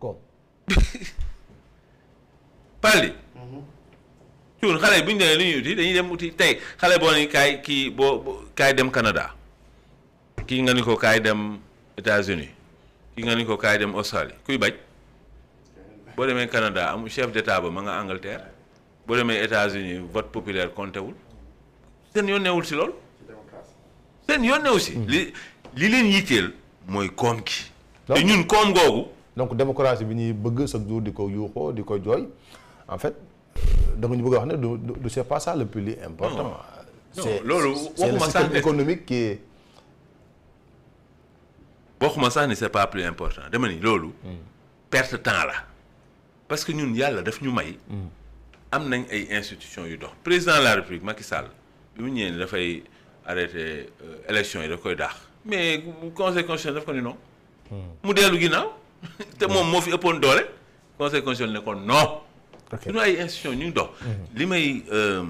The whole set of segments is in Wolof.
ko Palli. Mhm. cuun xale yi bu ñu demee lu ñuy uti dañuy dem uti tey xale boo ni kaay kii boo kaay dem Canada kii nga ni ko kaay dem États-Unis kii nga ni ko kaay dem Australie kuy bañ boo demee Canada amul chef d'état ba ma nga Angleterre boo demee États-Unis vote populaire compté wul seen yoon newul si lool seen yoon newu si mhm. li li leen yitteel mooy koom gi te ñun koom googu donc démocratie bi ñuy bëgg chaque jour di ko yuuxoo di ko jooy en fait donc ñu bëgg a wax ne du c'est pas ça le plus important. c'est loolu waxuma sax ne c'est le économique qui est. waxuma sax ne c'est pas plus important dama ni loolu. Hmm. perte temps là. parce que ñun yàlla daf ñu may. Hmm. am nañ ay institutions yu dox président de la république Macky Sall bi mu ñëwee ni dafay arrêter euh, élection yi da koy daax mais conseil constitutionnel daf ko ni non. Hmm. mu dellu ginnaaw. te mom mo fi ëppoon doole conseil constitutionnel ne ko non. ok suñu ay institution ñu ngi dox. li may euh,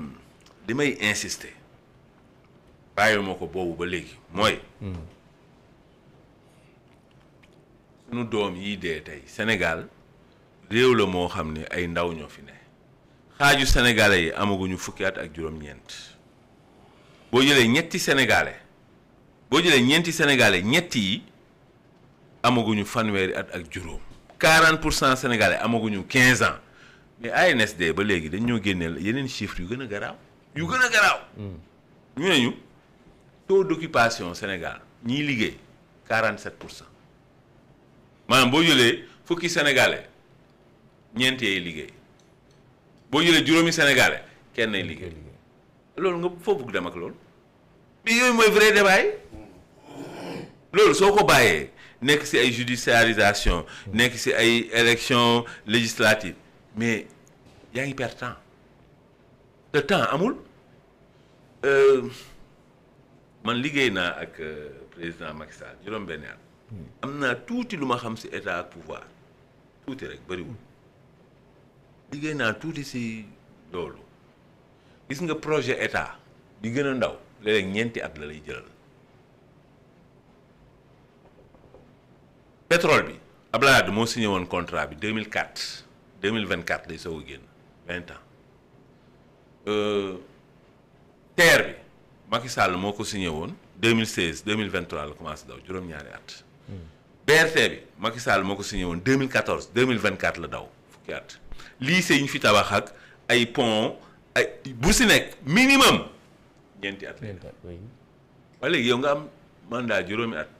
li may insister bàyyi ma ko boobu ba léegi mooy. sunu doom yii dee tey Sénégal réew la moo xam ne ay ndaw ñoo fi ne xaaju sénégalais yi amaguñu fukki at ak juróom-ñeent boo jëlee ñetti sénégalais boo jëlee ñeenti sénégalais ñetti yi. amaguñu fanweeri at ak juróom 40 pour cent sénégalais amaguñu 15 ans mais ANSD ba léegi dañ ñoo génneel yeneen chiffres yu gën a garaaw yu gën a garaaw. Mm. ñu ne ñu taux d'occupation Sénégal ñiy liggéey 47 pour cent maanaam boo jëlee fukki sénégalais ñeent liggéey boo jëlee juróomi sénégalais kenn ay liggéey loolu nga foo bëgg dem ak loolu mais yooyu mooy vrai débat yi loolu soo ko bàyyee. nekk ci ay judiciarisation mm. nekk ci ay élection législative mais yaa ngi hyper temps Le temps amul euh, man liggéey ak euh, président Macky Sall juróom-benn at mm. am naa tuuti lu xam ci état ak pouvoir tuuti rek bari. liggéey naa tout ci loolu gis nga projet état bi gën a ndaw léeg-léeg ñeenti at la lay pétrole bi Abdoulaye Wade moo signé woon contrat bi 2004 2024 lay soog a génn 20 ans euh, terre bi Macky Sall moo ko signé woon 2016 2023 la commencé daw juróom-ñaari at. BRT bi Macky Sall moo ko signé woon 2014 2024 la daw fukki at lycée yi ñu fi tabax ak ay pont ay bu si nekk minimum ñeenti at. ñeenti at waaye léegi yow nga am mandat juróomi at.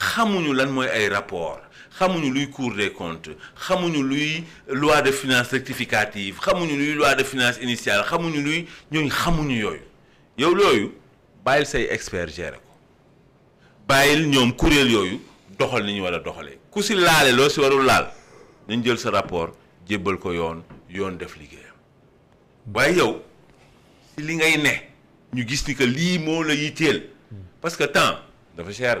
xamuñu lan mooy ay rapport xamuñu luy cour des comptes xamuñu luy loi de finance rectificative xamuñu luy loi de finance initiale xamuñu luy ñooñu xamuñu yooyu yow bàyyil say expert gérer ko bàyyil ñoom kuréel yooyu doxal ni ñu war a doxalee ku si warul laal nañ jël sa rapport jébbal ko yoon yoon def liggéeyam waaye yow si li ngay ne ñu gis ni que lii la yitteel parce que temps dafa cher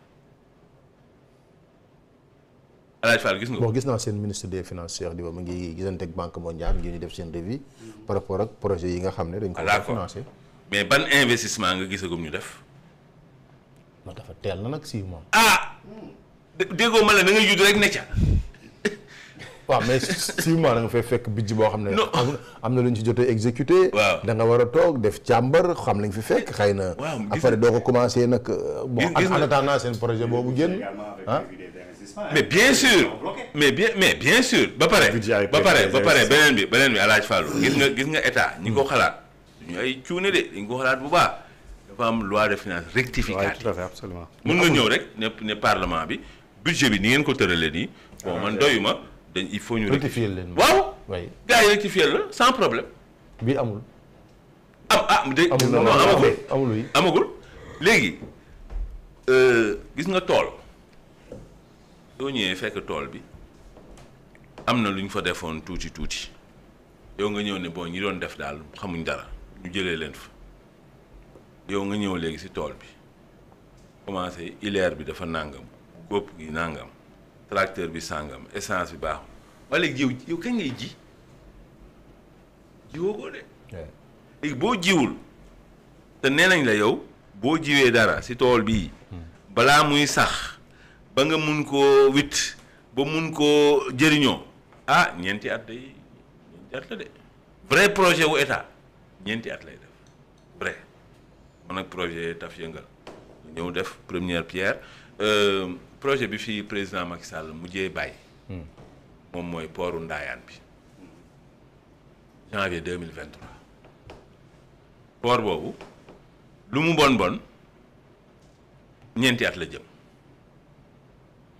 Alhaji Fall gis nga bon gis naa seen ministre des finances Cheikh Diba mu ngi gisante ak banque mondiale ngir ñu def seen revue par rapport ak projet yi nga xam ne dañ ko financé mais ban investissement nga gisagum ñu def non dafa teel na nag six mois ah déggoo ma la da nga judd rek ne ca mais six mois nga fay fekk budget boo xam ne am na lu ñu ci jotee exécuté da nga war a def chamber, xam lañ fi fekk xëy na après doo ko commencé nag euh, bon en attendant seen projet boobu génn ah mais bien sûr mais bien mais bien sûr ba ba ba bi bi gis nga gis nga état loi de rectificative budget bi ni ngeen ko il faut rectifier leen waaw rectifier la sans problème bi amul am ah amagul légui euh gis nga soo ñëwee fekk tool bi am na lu ñu fa defoon tuuti tuuti yow nga ñëw ne boo ñi doon def daal xamuñ dara ñu jëlee leen fa yow nga ñëw léegi ci tool bi commencé ileer bi dafa nàngam góob gi nàngam tracteur bi sàngam essence bi baaxul walla léegi yow yow kañ ngay ji jiwoo ko de léegi boo jiwul te nee nañ la yow boo jiwee dara ci tool bi hmm. balaa muy sax ba nga mun ko wit ba mun ko jeriño ah ñenti at day ñeenti at la de vrai projet wu état ñenti at lay def vrai mon ak projet taf yeungal ñeu def première pierre euh, projet bi fi président Macky Sall bay hmm mom moy poru ndayan bi janvier 2023 por bobu lu mu bon bon ñenti at la jëm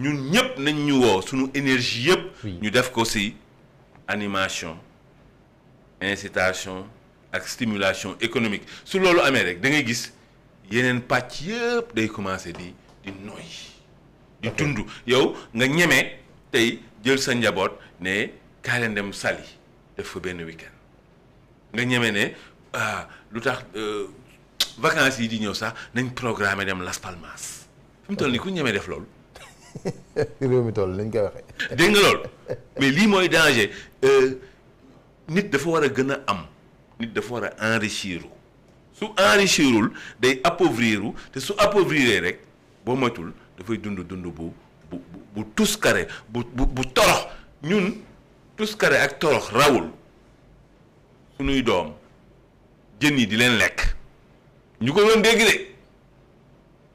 Nous ñep nañ ñu wo suñu énergie yep ñu def ko ci animation incitation ak stimulation économique su lolu amé rek da ngay gis yenen patch yep day commencer di di noy di tundu yow nga ñëmé tay jël sa njabot ne dem def fa ben week nga ne ah lutax euh, vacances yi di ñëw sax nañ programmer dem Las Palmas ku ñëmé réew mi toll nañ koy waxee. dégg nga loolu mais lii mooy danger euh, nit dafa war a gën a am nit dafa war a enrichir su enrichirul day appauvriru te su appauvriree rek boo moytul dafay dund dund bu bu bu tuskare bu bu bu torox ñun tuskare ak torox rawul sunuy doom jën yi di leen lekk ñu ko doon dégg de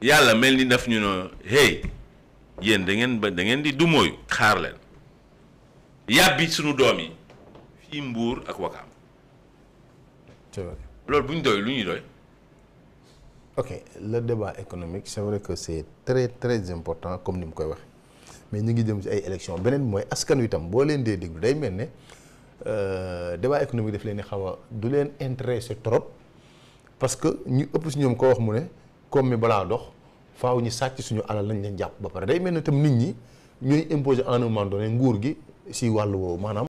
yàlla mel ni daf ñu ne hey. yen da ngeen ba da ngeen di du dumóoyu xaar leen yàbbi ya suñu doom yi fii mbuur ak wakaam loolu buñ doy lu ñuy doy ok le débat économique c'est vrai que c'est très très important comme ni mu koy waxee mais ñu ngi jëm ci ay élection beneen mooy askan wi tam boo leen dee déglu day mel ne euh, débat économique daf leen di xaw a du leen intéressé trop parce que ñu ëpp si ñoom ko wax mu ne comme mi balaa dox faaw ñu sàcc suñu alal lañ leen jàpp ba pare day mel ne tam nit ñi ñooy imposer en un moment donné nguur gi si wàllu woowu maanaam